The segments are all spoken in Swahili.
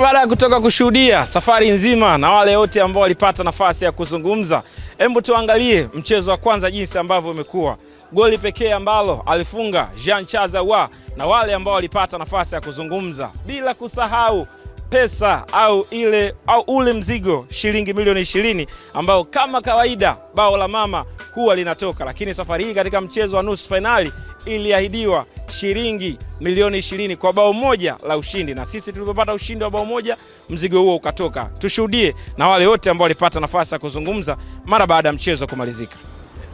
Baada ya kutoka kushuhudia safari nzima na wale wote ambao walipata nafasi ya kuzungumza, hebu tuangalie mchezo wa kwanza jinsi ambavyo umekuwa. Goli pekee ambalo alifunga Jean Chazawa na wale ambao walipata nafasi ya kuzungumza, bila kusahau pesa au ile au ule mzigo shilingi milioni ishirini ambao kama kawaida bao la mama huwa linatoka, lakini safari hii katika mchezo wa nusu fainali iliahidiwa shilingi milioni ishirini kwa bao moja la ushindi, na sisi tulivyopata ushindi wa bao moja, mzigo huo ukatoka. Tushuhudie na wale wote ambao walipata nafasi ya kuzungumza mara baada ya mchezo kumalizika.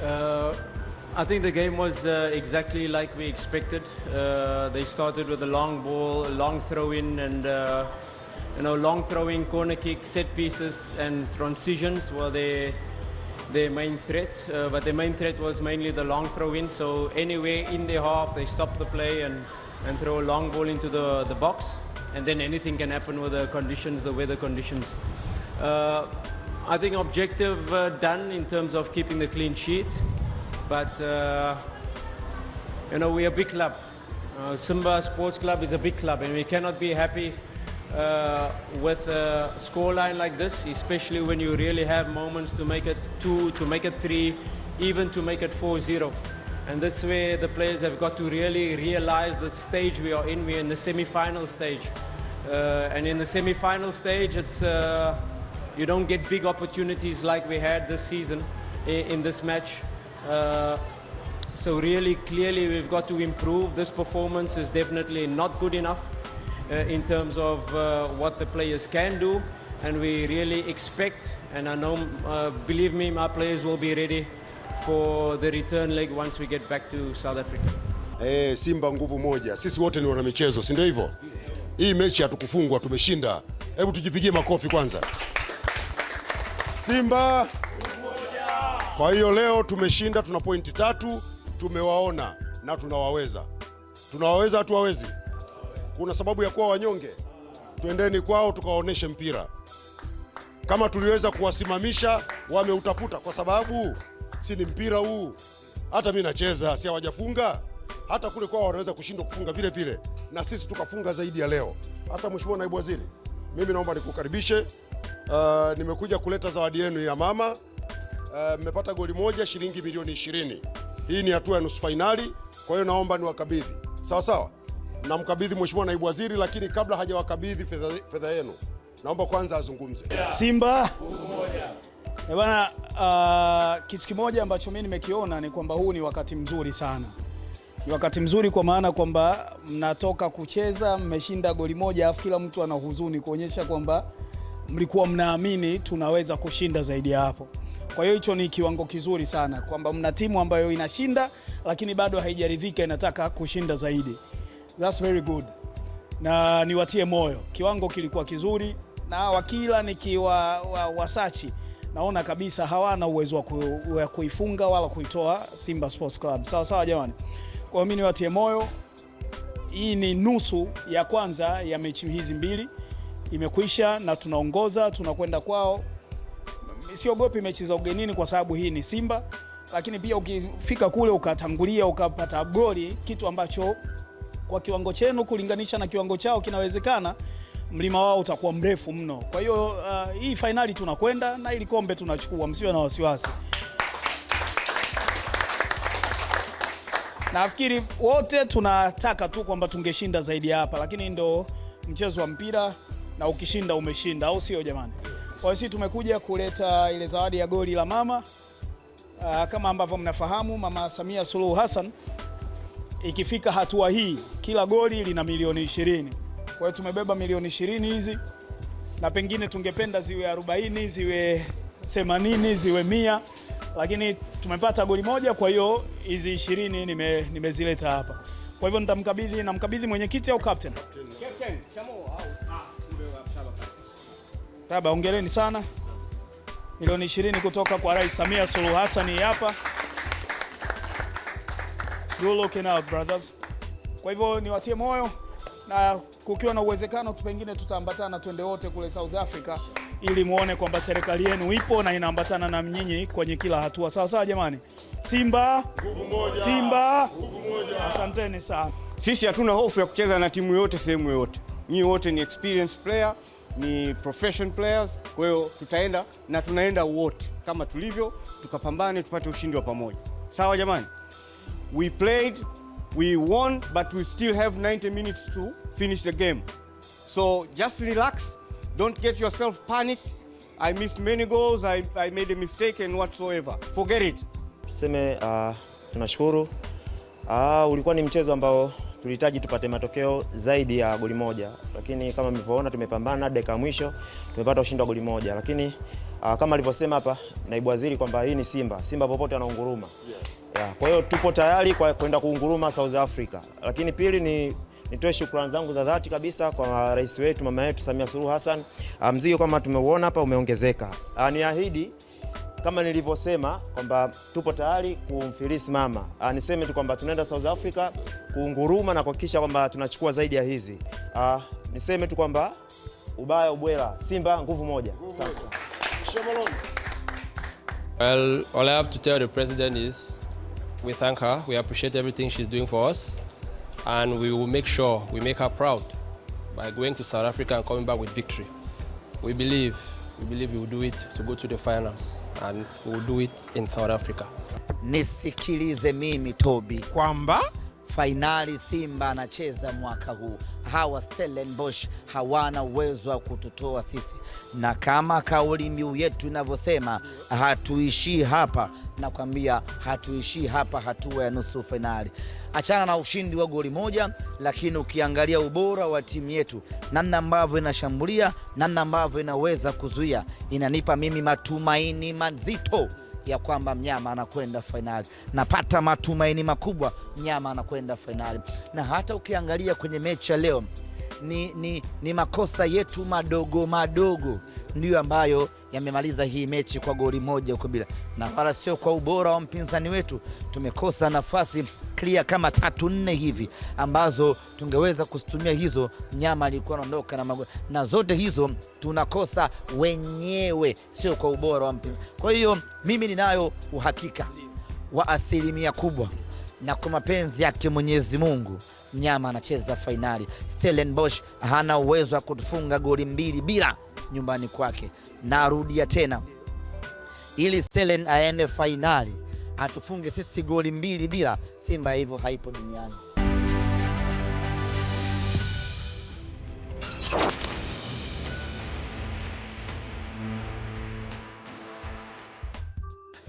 Uh, I think the game was uh, exactly like we expected. Uh, they started with a long ball, long throw in and uh, you know long corner kick set pieces and transitions were there their main threat, uh, but their main threat was mainly the long throw in. So anywhere in their half, they stop the play and, and throw a long ball into the, the box, and then anything can happen with the conditions, the weather conditions. Uh, I think objective uh, done in terms of keeping the clean sheet, but uh, you know we're a big club. Uh, Simba Sports Club is a big club, and we cannot be happy uh, with a scoreline like this, especially when you really have moments to make it two, to make it three, even to make it 4-0. And this way the players have got to really realize the stage we are in. We're in the semi-final stage. Uh, and in the semi-final stage, it's, uh, you don't get big opportunities like we had this season in, in this match. Uh, so really, clearly, we've got to improve. This performance is definitely not good enough. uh, in terms of uh, what the players can do, and we really expect, and I know, uh, believe me, my players will be ready for the return leg once we get back to South Africa. Hey, eh, Simba nguvu moja, sisi wote ni wanamichezo, si ndio hivyo? Hii mechi hatukufungwa, tumeshinda. Hebu tujipigie makofi kwanza. Simba. Kwa hiyo leo tumeshinda, tuna pointi tatu, tumewaona na tunawaweza. Tunawaweza, hatuwawezi? kuna sababu ya kuwa wanyonge? Twendeni kwao tukawaonyeshe mpira. Kama tuliweza kuwasimamisha, wameutafuta kwa sababu si ni mpira huu. Hata mi nacheza, si hawajafunga hata kule kwao, wanaweza kushindwa kufunga vile vile, na sisi tukafunga zaidi ya leo. Hasa Mheshimiwa Naibu Waziri, mimi naomba nikukaribishe. Uh, nimekuja kuleta zawadi yenu ya mama. Uh, mmepata uh, goli moja, shilingi milioni ishirini. Hii ni hatua ya nusu fainali, kwa hiyo naomba niwakabidhi. Sawa sawa namkabidhi Mheshimiwa Naibu Waziri, lakini kabla hajawakabidhi fedha yenu, naomba kwanza azungumze Simba eh, bwana. Uh, kitu kimoja ambacho mimi nimekiona ni kwamba huu ni wakati mzuri sana, ni wakati mzuri kwa maana kwamba mnatoka kucheza mmeshinda goli moja, afu kila mtu ana huzuni kuonyesha kwamba mlikuwa mnaamini tunaweza kushinda zaidi ya hapo. Kwa hiyo hicho ni kiwango kizuri sana kwamba mna timu ambayo inashinda lakini bado haijaridhika, inataka kushinda zaidi that's very good, na niwatie moyo, kiwango kilikuwa kizuri, na wakila nikiwa wasachi naona kabisa hawana uwezo wa kuifunga wala kuitoa Simba Sports Club. Sawa sawa jamani, kwa mimi niwatie moyo, hii ni nusu ya kwanza ya mechi hizi mbili imekwisha, na tunaongoza, tunakwenda kwao. Siogopi mechi za ugenini kwa sababu hii ni Simba, lakini pia ukifika kule ukatangulia ukapata goli, kitu ambacho kwa kiwango chenu kulinganisha na kiwango chao kinawezekana mlima wao utakuwa mrefu mno. Kwa hiyo uh, hii fainali tunakwenda na ili kombe tunachukua, msiwe na wasiwasi. Nafikiri wote tunataka tu kwamba tungeshinda zaidi hapa, lakini ndo mchezo wa mpira, na ukishinda umeshinda, au sio jamani? Kwa hiyo sisi tumekuja kuleta ile zawadi ya goli la mama. Uh, kama ambavyo mnafahamu Mama Samia Suluhu Hassan ikifika hatua hii, kila goli lina milioni ishirini. Kwa hiyo tumebeba milioni ishirini hizi, na pengine tungependa ziwe 40, ziwe 80, ziwe mia, lakini tumepata goli moja. Kwa hiyo hizi ishirini nime, nimezileta hapa. Kwa hivyo nitamkabidhi, namkabidhi mwenyekiti au captain. Captain, ah, Taba, ongereni sana. Milioni ishirini kutoka kwa Rais Samia Suluhu Hassan hapa. You're looking out brothers. Kwa hivyo niwatie moyo na kukiwa na uwezekano pengine tutaambatana twende wote kule South Africa ili muone kwamba serikali yenu ipo na inaambatana na mnyinyi kwenye kila hatua. Sawa sawa jamani. Simba Simba Asanteni sana. Sisi hatuna hofu ya kucheza na timu yoyote sehemu yoyote. Nyinyi wote ni experienced player, ni profession players. Kwa hiyo tutaenda na tunaenda wote kama tulivyo, tukapambane tupate ushindi wa pamoja. Sawa jamani. We played, we won, but we still have 90 minutes to finish the game. So just relax, don't get yourself panicked. I missed many goals, I, I made a mistake and whatsoever. Forget it. Tuseme uh, tunashukuru. Uh, ulikuwa ni mchezo ambao tulihitaji tupate matokeo zaidi ya goli moja, lakini kama mlivyoona tumepambana dakika mwisho tumepata ushindi wa goli moja, lakini uh, kama alivyosema hapa naibu waziri kwamba hii ni simba, simba popote anaunguruma. Yeah. Kwa hiyo tupo tayari kwa kwenda kuunguruma South Africa, lakini pili ni nitoe shukrani zangu za dhati kabisa kwa rais wetu mama yetu Samia Suluhu Hassan. Ah, mzigo kama tumeuona hapa umeongezeka. Ah, niahidi kama nilivyosema kwamba tupo tayari kumfilisi mama. Niseme tu kwamba tunaenda South Africa kuunguruma na kuhakikisha kwamba tunachukua zaidi ya hizi. Niseme tu kwamba ubaya ubwela, Simba nguvu moja. Sasa. Well, all I have to tell the president is we thank her, we appreciate everything she's doing for us, and we will make sure we make her proud by going to South Africa and coming back with victory. We believe, we believe we will do it to go to the finals and we will do it in South Africa. Nisikilize mimi Toby kwamba fainali Simba anacheza mwaka huu. Hawa Stellenbosch hawana uwezo wa kututoa sisi, na kama kauli mbiu yetu inavyosema, hatuishii hapa. Nakwambia hatuishii hapa, hatua ya nusu fainali. Achana na ushindi wa goli moja, lakini ukiangalia ubora wa timu yetu, namna ambavyo inashambulia, namna ambavyo inaweza kuzuia, inanipa mimi matumaini mazito ya kwamba mnyama anakwenda fainali. Napata matumaini makubwa mnyama anakwenda fainali, na hata ukiangalia kwenye mechi ya leo ni, ni, ni makosa yetu madogo madogo ndiyo ambayo yamemaliza hii mechi kwa goli moja huko bila, na wala sio kwa ubora wa mpinzani wetu. Tumekosa nafasi clear kama tatu nne hivi ambazo tungeweza kuzitumia hizo, mnyama alikuwa anaondoka na mago, na zote hizo tunakosa wenyewe, sio kwa ubora wa mpinzani. Kwa hiyo mimi ninayo uhakika wa asilimia kubwa na kwa mapenzi yake Mwenyezi Mungu mnyama anacheza fainali. Stellenbosch hana uwezo wa kutufunga goli mbili bila nyumbani kwake. Narudia tena, ili Stellen aende fainali atufunge sisi goli mbili bila. Simba hivyo haipo duniani.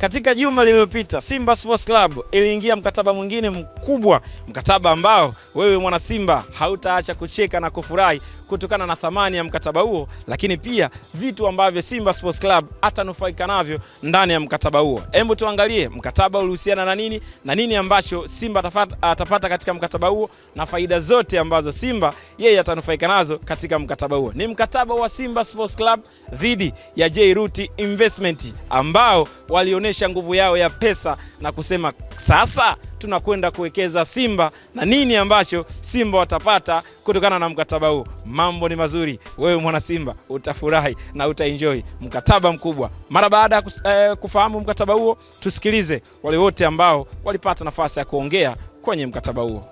Katika juma lililopita Simba Sports Club iliingia mkataba mwingine mkubwa, mkataba ambao wewe mwana Simba hautaacha kucheka na kufurahi kutokana na thamani ya mkataba huo, lakini pia vitu ambavyo Simba Sports Club atanufaika navyo ndani ya mkataba huo. Hebu tuangalie mkataba ulihusiana na nini na nini ambacho Simba atapata katika mkataba huo na faida zote ambazo Simba yeye atanufaika nazo katika mkataba huo. Ni mkataba wa Simba Sports Club dhidi ya J Root Investment ambao walionyesha nguvu yao ya pesa na kusema sasa tunakwenda kuwekeza Simba na nini ambacho Simba watapata kutokana na mkataba huu. Mambo ni mazuri, wewe mwana Simba utafurahi na utaenjoy mkataba mkubwa. Mara baada ya eh, kufahamu mkataba huo, tusikilize wale wote ambao walipata nafasi ya kuongea kwenye mkataba huo.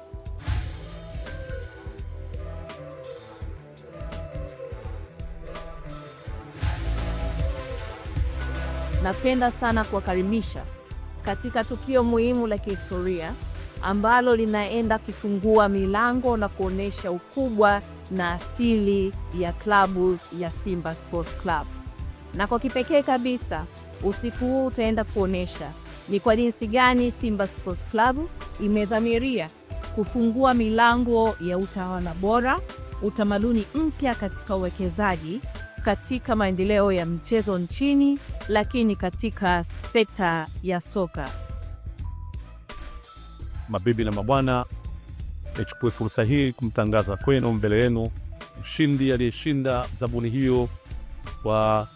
Napenda sana kuwakaribisha katika tukio muhimu la kihistoria ambalo linaenda kufungua milango na kuonyesha ukubwa na asili ya klabu ya Simba Sports Club. Na kwa kipekee kabisa, usiku huu utaenda kuonesha ni kwa jinsi gani Simba Sports Club imedhamiria kufungua milango ya utawala bora, utamaduni mpya katika uwekezaji katika maendeleo ya michezo nchini, lakini katika sekta ya soka. Mabibi na mabwana, nichukue fursa hii kumtangaza kwenu mbele yenu mshindi aliyeshinda zabuni hiyo kwa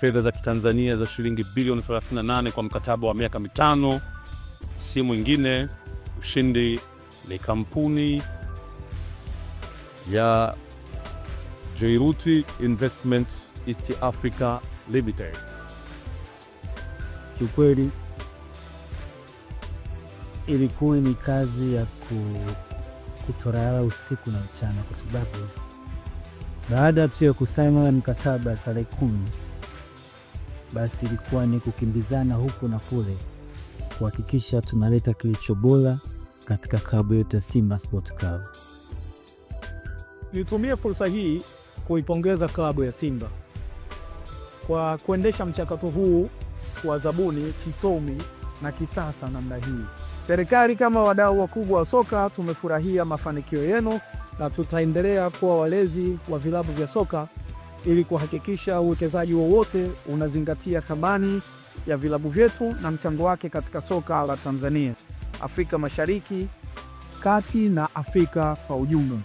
fedha za kitanzania za shilingi bilioni 38 kwa mkataba wa miaka mitano, si mwingine mshindi ni kampuni ya Jairuti Investment East Africa Limited. Kiukweli ilikuwa ni kazi ya kutorala usiku na mchana, kwa sababu baada tu ya kusaini mkataba tarehe kumi, basi ilikuwa ni kukimbizana huku na kule kuhakikisha tunaleta kilicho bora katika klabu yetu ya Simba Sport Club. Nitumie fursa hii kuipongeza klabu ya Simba kwa kuendesha mchakato huu wa zabuni kisomi na kisasa namna hii. Serikali kama wadau wakubwa wa soka tumefurahia mafanikio yenu na tutaendelea kuwa walezi wa vilabu vya soka ili kuhakikisha uwekezaji wowote unazingatia thamani ya vilabu vyetu na mchango wake katika soka la Tanzania, Afrika Mashariki, Kati na Afrika kwa ujumla.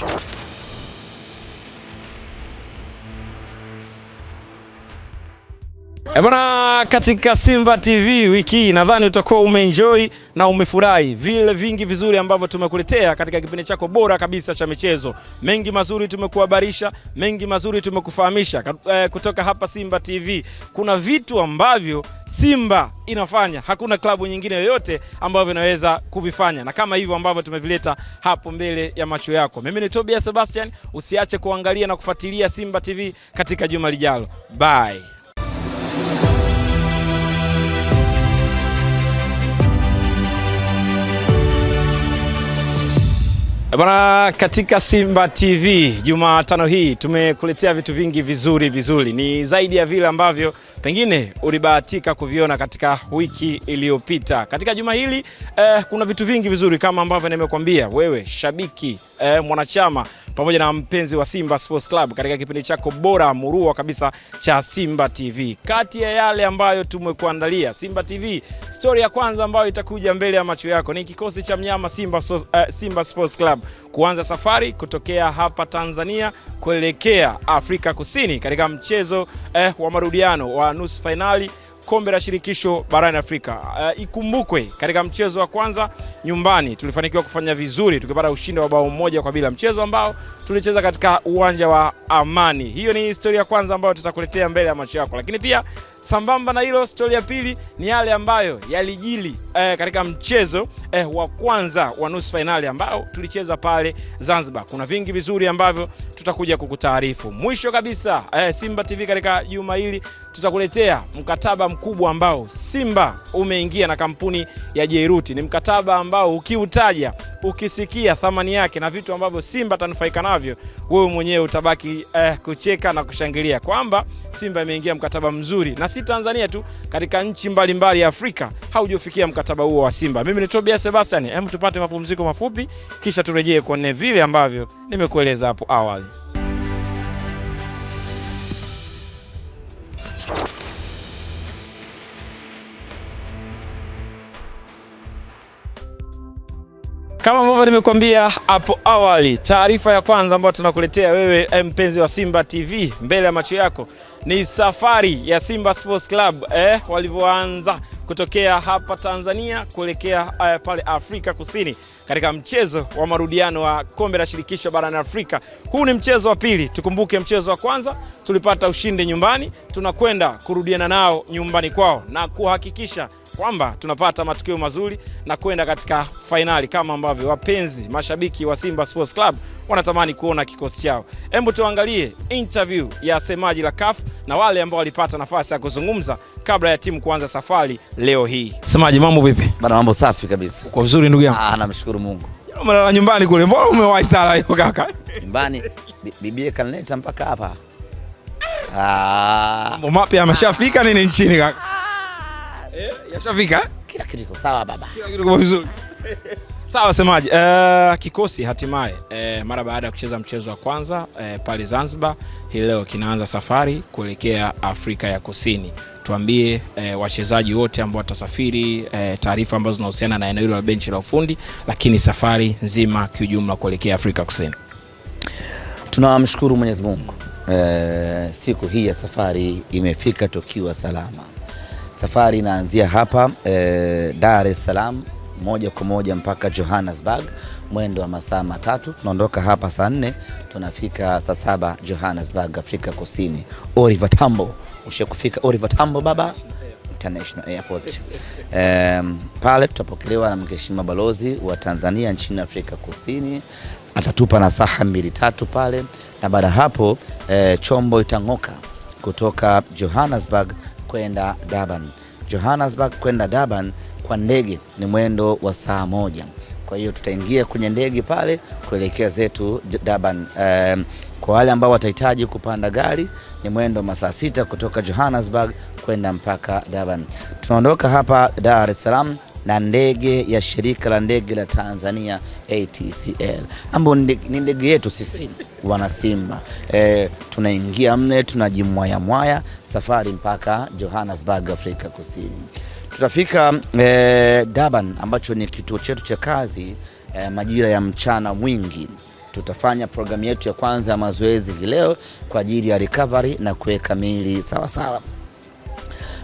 Thank you. Ebana, eh, katika Simba TV wiki hii nadhani utakuwa umeenjoy na umefurahi vile vingi vizuri ambavyo tumekuletea katika kipindi chako bora kabisa cha michezo. Mengi mazuri tumekuhabarisha, mengi mazuri tumekufahamisha eh, kutoka hapa Simba TV. Kuna vitu ambavyo Simba inafanya hakuna klabu nyingine yoyote ambayo inaweza kuvifanya, na kama hivyo ambavyo tumevileta hapo mbele ya macho yako. Mimi ni Tobias Sebastian, usiache kuangalia na kufuatilia Simba TV katika juma lijalo. Bye. Bwana, katika Simba TV Jumatano hii tumekuletea vitu vingi vizuri vizuri, ni zaidi ya vile ambavyo pengine ulibahatika kuviona katika wiki iliyopita. Katika juma hili eh, kuna vitu vingi vizuri kama ambavyo nimekuambia wewe shabiki eh, mwanachama pamoja na mpenzi wa Simba Sports Club katika kipindi chako bora murua kabisa cha Simba TV. Kati ya yale ambayo tumekuandalia Simba TV, stori ya kwanza ambayo itakuja mbele ya macho yako ni kikosi cha mnyama Simba, uh, Simba Sports Club kuanza safari kutokea hapa Tanzania kuelekea Afrika Kusini katika mchezo eh, wa marudiano wa nusu fainali kombe la shirikisho barani Afrika. Uh, ikumbukwe katika mchezo wa kwanza nyumbani tulifanikiwa kufanya vizuri tukipata ushindi wa bao moja kwa bila, mchezo ambao tulicheza katika uwanja wa Amani. Hiyo ni historia ya kwanza ambayo tutakuletea mbele ya macho yako, lakini pia sambamba na hilo, stori ya pili ni yale ambayo yalijili eh, katika mchezo eh, wa kwanza wa nusu fainali ambao tulicheza pale Zanzibar. Kuna vingi vizuri ambavyo tutakuja kukutaarifu. Mwisho kabisa eh, Simba TV katika juma hili tutakuletea mkataba mkubwa ambao Simba umeingia na kampuni ya Jeruti. Ni mkataba ambao ukiutaja, ukisikia thamani yake na vitu ambavyo Simba tanufaika navyo, wewe mwenyewe utabaki eh, kucheka na kushangilia kwamba Simba imeingia mkataba mzuri, na si Tanzania tu, katika nchi mbalimbali ya Afrika haujafikia mkataba huo wa Simba. Mimi ni Tobias Sebastian, hem, tupate mapumziko mafupi, kisha turejee kuone vile ambavyo nimekueleza hapo awali. Kama ambavyo nimekuambia hapo awali, taarifa ya kwanza ambayo tunakuletea wewe eh, mpenzi wa Simba TV mbele ya macho yako ni safari ya Simba Sports Club eh, walivyoanza kutokea hapa Tanzania kuelekea eh, pale Afrika Kusini katika mchezo wa marudiano wa kombe la shirikisho barani Afrika. Huu ni mchezo wa pili. Tukumbuke mchezo wa kwanza tulipata ushindi nyumbani, tunakwenda kurudiana nao nyumbani kwao na kuhakikisha kwamba tunapata matukio mazuri na kwenda katika fainali kama ambavyo wapenzi mashabiki wa Simba Sports Club wanatamani kuona kikosi chao. Hebu tuangalie interview ya semaji la CAF na wale ambao walipata nafasi ya kuzungumza kabla ya timu kuanza safari leo hii. Semaji, mambo vipi? Bana, mambo safi kabisa. Uko vizuri ndugu yangu? Ah, namshukuru Mungu. Yaani umelala nyumbani kule, mbona umewahi sala hiyo kaka? Nyumbani bibi kanileta mpaka hapa. Ah, mambo mapya ameshafika nini nchini kaka? Eh, yashafika? Eh? Kila kitu kiko sawa baba. Kila kitu kiko vizuri. Sawa semaji. Uh, eh, kikosi hatimaye uh, mara baada ya kucheza mchezo wa kwanza uh, pale Zanzibar, hii leo kinaanza safari kuelekea Afrika ya Kusini. Tuambie uh, wachezaji wote ambao watasafiri, uh, taarifa ambazo zinahusiana na eneo hilo la benchi la ufundi, lakini safari nzima kiujumla kuelekea Afrika Kusini. Tunamshukuru Mwenyezi Mungu. Uh, siku hii ya safari imefika tukiwa salama. Safari inaanzia hapa e, Dar es Salaam moja kwa moja mpaka Johannesburg, mwendo wa masaa matatu. Tunaondoka hapa saa nne tunafika saa saba Johannesburg, Afrika Kusini, Oliver Tambo. Ushakufika Oliver Tambo baba International Airport. Um, pale tutapokelewa na mheshimiwa balozi wa Tanzania nchini Afrika Kusini, atatupa na saha mbili tatu pale, na baada hapo eh, chombo itang'oka kutoka Johannesburg kwenda Durban. Johannesburg kwenda Durban kwa ndege ni mwendo wa saa moja. Kwa hiyo tutaingia kwenye ndege pale kuelekea zetu Durban. Um, kwa wale ambao watahitaji kupanda gari ni mwendo masaa sita kutoka Johannesburg kwenda mpaka Durban. Tunaondoka hapa Dar es Salaam na ndege ya shirika la ndege la Tanzania ATCL, ambayo ni ndege yetu sisi wanasimba. E, tunaingia mle tunajimwayamwaya, safari mpaka Johannesburg, Afrika Kusini. Tutafika e, Durban ambacho ni kituo chetu cha kazi e, majira ya mchana mwingi tutafanya programu yetu ya kwanza ya mazoezi leo kwa ajili ya recovery na kuweka miili sawasawa.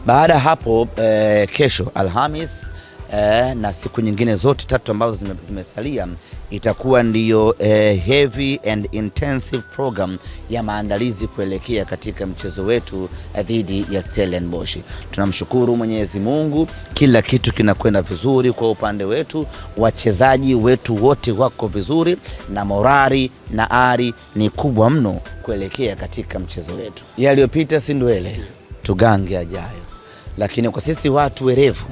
Baada ya hapo e, kesho Alhamis eh, na siku nyingine zote tatu ambazo zimesalia zime itakuwa ndiyo eh, heavy and intensive program ya maandalizi kuelekea katika mchezo wetu eh, dhidi ya Stellenbosch. Tunamshukuru Mwenyezi Mungu, kila kitu kinakwenda vizuri kwa upande wetu, wachezaji wetu wote wako vizuri na morari na ari ni kubwa mno kuelekea katika mchezo wetu. Yaliyopita si ndwele, tugange ajayo, lakini kwa sisi watu werevu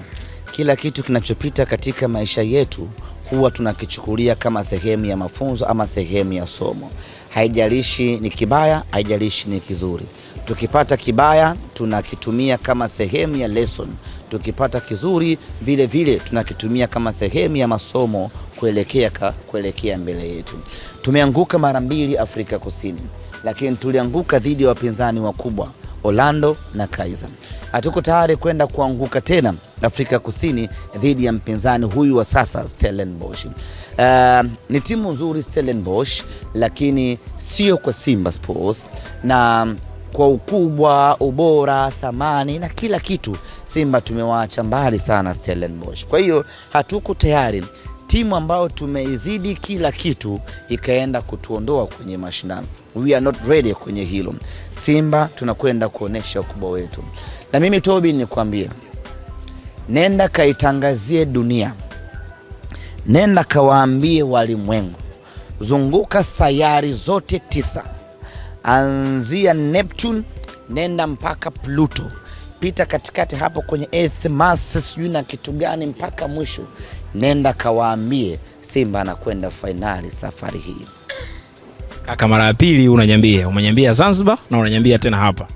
kila kitu kinachopita katika maisha yetu huwa tunakichukulia kama sehemu ya mafunzo ama sehemu ya somo. Haijalishi ni kibaya, haijalishi ni kizuri. Tukipata kibaya tunakitumia kama sehemu ya lesson, tukipata kizuri vile vile tunakitumia kama sehemu ya masomo kuelekea, ka, kuelekea mbele yetu. Tumeanguka mara mbili Afrika Kusini, lakini tulianguka dhidi ya wapinzani wakubwa Orlando na Kaizer. Hatuko tayari kwenda kuanguka tena Afrika Kusini dhidi ya mpinzani huyu wa sasa Stellenbosch. Uh, ni timu nzuri Stellenbosch, lakini sio kwa Simba Sports na kwa ukubwa, ubora, thamani na kila kitu, Simba tumewaacha mbali sana Stellenbosch. Kwa hiyo hatuko tayari timu ambayo tumeizidi kila kitu ikaenda kutuondoa kwenye mashindano we are not ready kwenye hilo. Simba tunakwenda kuonesha ukubwa wetu, na mimi Tobi nikwambie, nenda kaitangazie dunia, nenda kawaambie walimwengu, zunguka sayari zote tisa, anzia Neptune nenda mpaka Pluto, pita katikati hapo kwenye Earth, Mars, sijui na kitu gani mpaka mwisho. Nenda kawaambie Simba anakwenda fainali safari hii. Kaka, mara ya pili unanyambia, umenyambia Zanzibar na unanyambia tena hapa.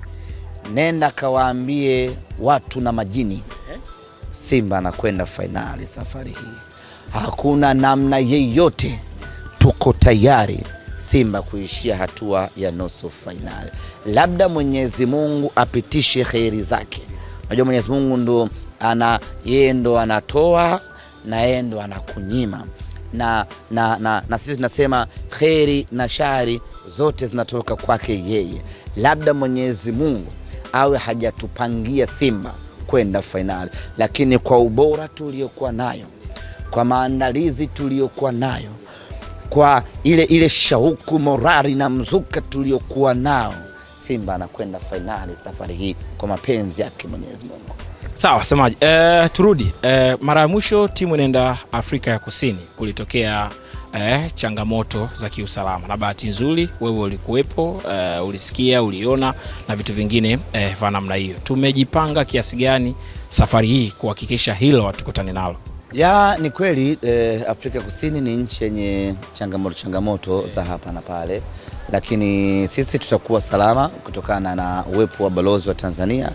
Nenda kawaambie watu na majini, eh? Simba anakwenda fainali safari hii, hakuna namna yeyote, tuko tayari Simba kuishia hatua ya nusu fainali. Labda Mwenyezi Mungu apitishe kheri zake. Unajua Mwenyezi Mungu ndo ana, yeye ndo anatoa na yeye ndo anakunyima na, na, na, na sisi tunasema kheri na shari zote zinatoka kwake yeye. Labda Mwenyezi Mungu awe hajatupangia Simba kwenda fainali, lakini kwa ubora tuliokuwa nayo, kwa maandalizi tuliyokuwa nayo, kwa ile ile shauku, morali na mzuka tuliokuwa nao, Simba anakwenda fainali safari hii kwa mapenzi yake Mwenyezi Mungu. Sawa semaji. E, eh, turudi e, mara ya mwisho timu inaenda Afrika ya Kusini kulitokea e, changamoto za kiusalama, na bahati nzuri wewe ulikuwepo, e, ulisikia, uliona na vitu vingine e, vya namna hiyo. Tumejipanga kiasi gani safari hii kuhakikisha hilo hatukutane nalo? Ya, ni kweli e, Afrika Kusini ni nchi yenye changamoto changamoto za hapa na pale, lakini sisi tutakuwa salama kutokana na uwepo wa balozi wa Tanzania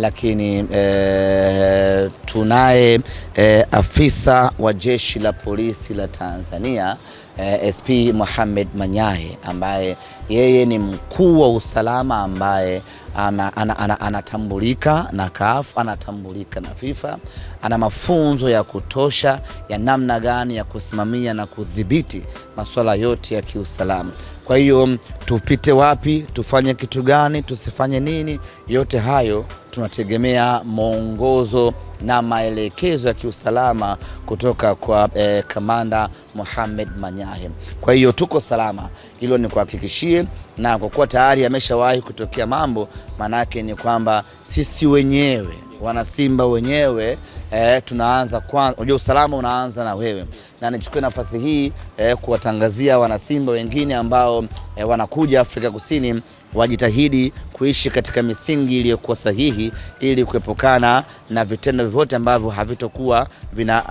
lakini e, tunaye e, afisa wa jeshi la polisi la Tanzania e, eh, SP Mohamed Manyahe ambaye yeye ni mkuu wa usalama ambaye ana, ana, ana, anatambulika na CAF, anatambulika na FIFA, ana mafunzo ya kutosha ya namna gani ya kusimamia na kudhibiti masuala yote ya kiusalama. Kwa hiyo tupite wapi, tufanye kitu gani, tusifanye nini, yote hayo tunategemea mwongozo na maelekezo ya kiusalama kutoka kwa eh, Kamanda Mohamed Manyahe. Kwa hiyo tuko salama, hilo ni kuhakikishie, na kwa kuwa tayari ameshawahi kutokea mambo, maanake ni kwamba sisi wenyewe wanasimba wenyewe eh, tunaanza kwanza. Unajua, usalama unaanza na wewe, na nichukue nafasi hii eh, kuwatangazia wanasimba wengine ambao eh, wanakuja Afrika Kusini wajitahidi kuishi katika misingi iliyokuwa sahihi ili kuepukana na vitendo vyote ambavyo havitokuwa vina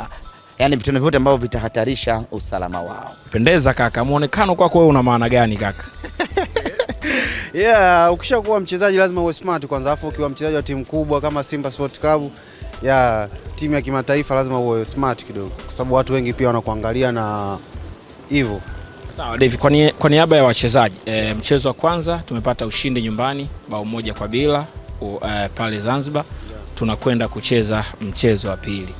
yani vitendo vyote ambavyo vitahatarisha usalama wao. Pendeza kaka, muonekano kwako wewe una maana gani kaka? Yeah, ukishakuwa mchezaji lazima uwe smart kwanza, afu ukiwa mchezaji wa timu kubwa kama Simba Sport Club ya timu ya kimataifa lazima uwe smart kidogo, kwa sababu watu wengi pia wanakuangalia na hivyo Sawa Dave, kwa niaba ya wachezaji e, mchezo wa kwanza tumepata ushindi nyumbani bao moja kwa bila e, pale Zanzibar Tunakwenda kucheza mchezo wa pili,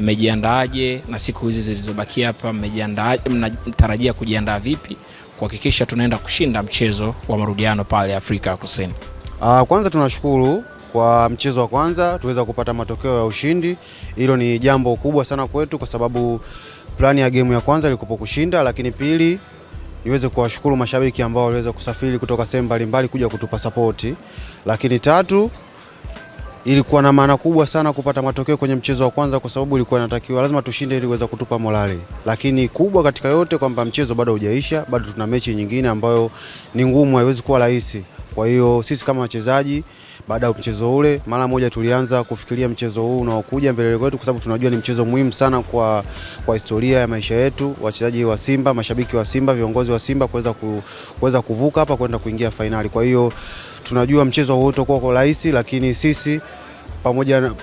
mmejiandaaje na siku hizi zilizobakia hapa, mmejiandaaje? Mnatarajia kujiandaa vipi kuhakikisha tunaenda kushinda mchezo wa marudiano pale Afrika ya Kusini? Uh, kwanza tunashukuru kwa mchezo wa kwanza tuweza kupata matokeo ya ushindi. Hilo ni jambo kubwa sana kwetu, kwa sababu plani ya gemu ya kwanza ilikuwa kushinda, lakini pili niweze kuwashukuru mashabiki ambao waliweza kusafiri kutoka sehemu mbalimbali kuja kutupa sapoti. Lakini tatu, ilikuwa na maana kubwa sana kupata matokeo kwenye mchezo wa kwanza, kwa sababu ilikuwa inatakiwa lazima tushinde ili kuweza kutupa morali. Lakini kubwa katika yote kwamba mchezo bado haujaisha, bado tuna mechi nyingine ambayo ni ngumu, haiwezi kuwa rahisi. Kwa hiyo sisi kama wachezaji baada ya mchezo ule, mara moja tulianza kufikiria mchezo huu unaokuja mbele yetu, kwa sababu tunajua ni mchezo muhimu sana kwa, kwa historia ya maisha yetu, wachezaji wa Simba, mashabiki wa Simba, viongozi wa Simba kuweza kuweza kuvuka hapa kwenda kuingia fainali. Kwa hiyo tunajua mchezo huu utakuwa kwa rahisi, lakini sisi pamoja na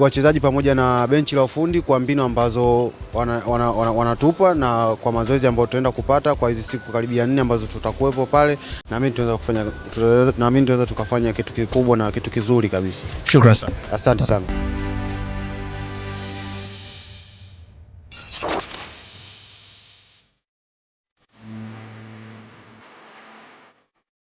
wachezaji pamoja na benchi la ufundi kwa mbinu ambazo wanatupa wana, wana, wana na kwa mazoezi ambayo tutaenda kupata kwa hizi siku karibia nne ambazo tutakuwepo pale, naamini tunaweza kufanya naamini tunaweza tukafanya kitu kikubwa na kitu kizuri kabisa. Shukrani sana, asante sana.